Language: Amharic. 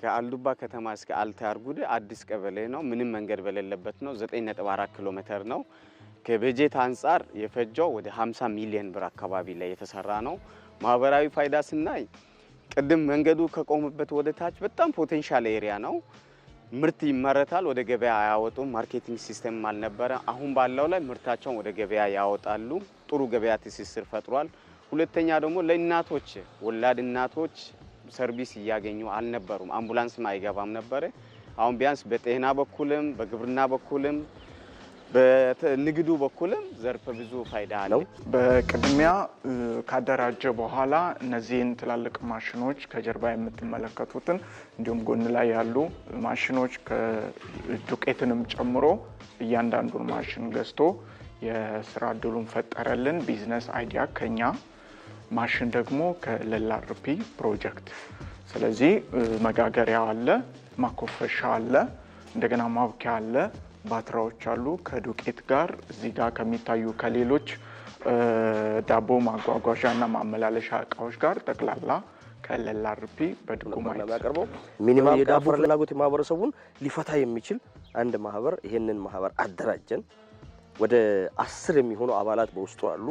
ከአልዱባ ከተማ እስከ አልታርጉድ አዲስ ቀበሌ ነው። ምንም መንገድ በሌለበት ነው። 9.4 ኪሎ ሜትር ነው። ከበጀት አንጻር የፈጀው ወደ 50 ሚሊዮን ብር አካባቢ ላይ የተሰራ ነው። ማህበራዊ ፋይዳ ስናይ ቅድም መንገዱ ከቆመበት ወደ ታች በጣም ፖቴንሻል ኤሪያ ነው። ምርት ይመረታል፣ ወደ ገበያ አያወጡም። ማርኬቲንግ ሲስተም አልነበረ። አሁን ባለው ላይ ምርታቸውን ወደ ገበያ ያወጣሉ። ጥሩ ገበያ ትስስር ፈጥሯል። ሁለተኛ ደግሞ ለእናቶች ወላድ እናቶች ሰርቪስ እያገኙ አልነበሩም። አምቡላንስም አይገባም ነበረ። አሁን ቢያንስ በጤና በኩልም በግብርና በኩልም በንግዱ በኩልም ዘርፈ ብዙ ፋይዳ አለው። በቅድሚያ ካደራጀ በኋላ እነዚህን ትላልቅ ማሽኖች ከጀርባ የምትመለከቱትን እንዲሁም ጎን ላይ ያሉ ማሽኖች ዱቄትንም ጨምሮ እያንዳንዱን ማሽን ገዝቶ የስራ እድሉን ፈጠረልን። ቢዝነስ አይዲያ ከኛ ማሽን ደግሞ ከለላርፒ ፕሮጀክት። ስለዚህ መጋገሪያ አለ፣ ማኮፈሻ አለ፣ እንደገና ማብኪያ አለ፣ ባትራዎች አሉ። ከዱቄት ጋር እዚህ ጋር ከሚታዩ ከሌሎች ዳቦ ማጓጓዣ እና ማመላለሻ እቃዎች ጋር ጠቅላላ ከለላርፒ በድጉማ የሚያቀርበው ሚኒማም የዳቦ ፍላጎት የማህበረሰቡን ሊፈታ የሚችል አንድ ማህበር ይህንን ማህበር አደራጀን። ወደ አስር የሚሆኑ አባላት በውስጡ አሉ።